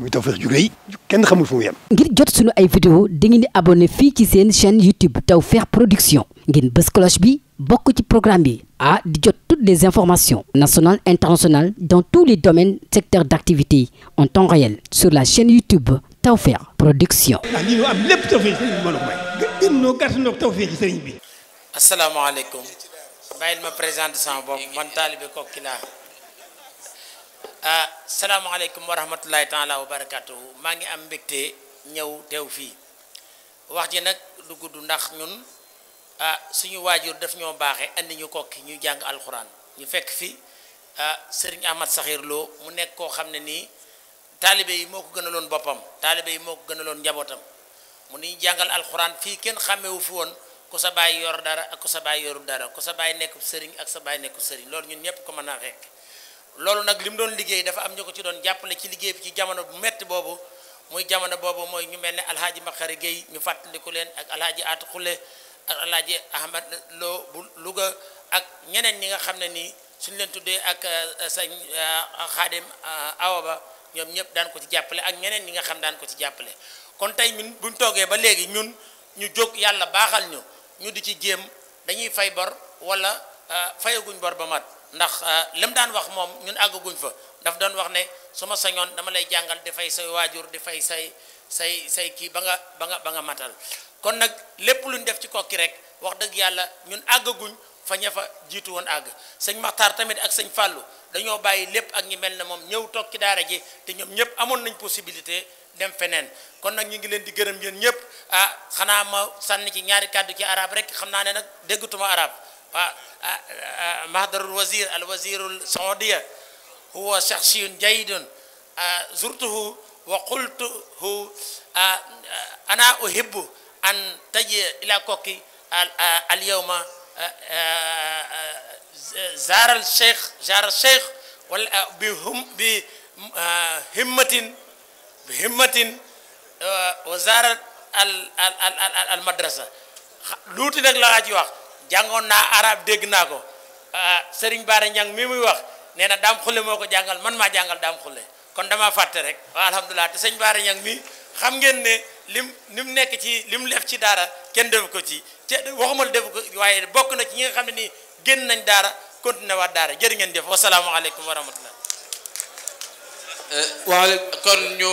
muy Tawfekh ju rëy kenn xamul fu mu yem. ngir jot sunu ay vidéo dangeen di abonné fii ci seen chaîne YouTube Tawfekh Production ngeen bës cloche bi bokk ci programme bi ah di jot toutes les informations nationales internationales dans tous les domaines secteurs d'activité en temps réel sur la chaîne YouTube Tawfekh Production. ah lii am lépp Tawfekh sëriñ bi mën a may. gën ma présente sama bopp man taalibe Kokki laa. Ah, salaamaaleykum wa rahmatulahi taala wa barakatuhu maa ngi am mbégte ñëw teew fii wax ji nag lu gudd ndax ñun ah suñu waajur daf ñoo baaxee andi ñu kokki ñuy jàng alxuraan ñu fekk fi ah sëriñ Ahmad Saxiir loo mu nekk koo xam ne nii taalibe yi moo ko loon boppam taalibe yi moo ko gënaloon njabootam mu ni jàngal alxuraan fii kenn xàmmewu fi woon ku sa baay yor dara ak ku sa baay yoru dara ku sa baay nekk sëriñ ak sa baay nekk sëriñ loolu ñun ñëpp ko mën naa fekk loolu nag li mu doon liggéey dafa am ñu ko ci doon jàppale ci liggéey bi ci jamono bu métti boobu muy jamono boobu mooy ñu mel ne alhaaji Makhari Gueye ñu fàttaliku leen ak alhaaji Aatu Xulle ak Ahmad Lo bu Louga ak ñeneen ñi nga xam ne nii suñ leen tuddee ak euh, sañ xaadim euh, euh, awa ba ñoom ñëpp daan ko ci jàppale ak ñeneen ñi nga xam daan ko ci jàppale kon tey ñun buñ toogee ba léegi ñun ñu jóg yàlla baaxal ñu ñu di ci jéem dañuy fay bor wala fayaguñ bor ba mat ndax euh, lim daan wax moom ñun àggaguñ fa daf doon wax ne su ma sañoon dama lay jàngal di fay say waajur di fay say say say kii ba nga ba nga ba nga matal kon nag lépp lu luñ def ci kokki rek wax dëgg yàlla ñun àggaguñ fa ña fa jiitu woon àgg sëñ Maxtaar tamit ak sëñ Fàllu dañoo bàyyi lépp ak ñi mel ne moom ñëw toog ci daara ji te ñoom ñëpp amoon nañ possibilité dem feneen kon nag ñu ngi leen di gërëm yéen ñëpp ah xanaa ma sànni ci ñaari kàddu ji araab rek xam naa ne nag déggatuma arab محضر الوزير الوزير السعودية هو شخصي جيد زرته وقلت أنا أحب أن تجي إلى كوكي اليوم زار الشيخ زار الشيخ بهمة بهمة وزارة المدرسة luuti nag laa ci wax jàngoon naa arab dégg naa ko ah, sëriñ Baara Ñang mi muy wax nee na daam xulle moo ko jàngal man maa jàngal daam xulle kon dama fàtte rek waaw alhamdulilah te sëñ Baara Ñang mi xam ngeen ne lim li mu nekk ci li mu lef ci daara kenn def ko ci te waxumal def ko waaye bokk na ci ñi nga xam ne nii génn nañ daara continué waat daara jërë ngeen jëf wasalaamaaleykum wa rahmatullah. Eh, waaleykum kon ñu.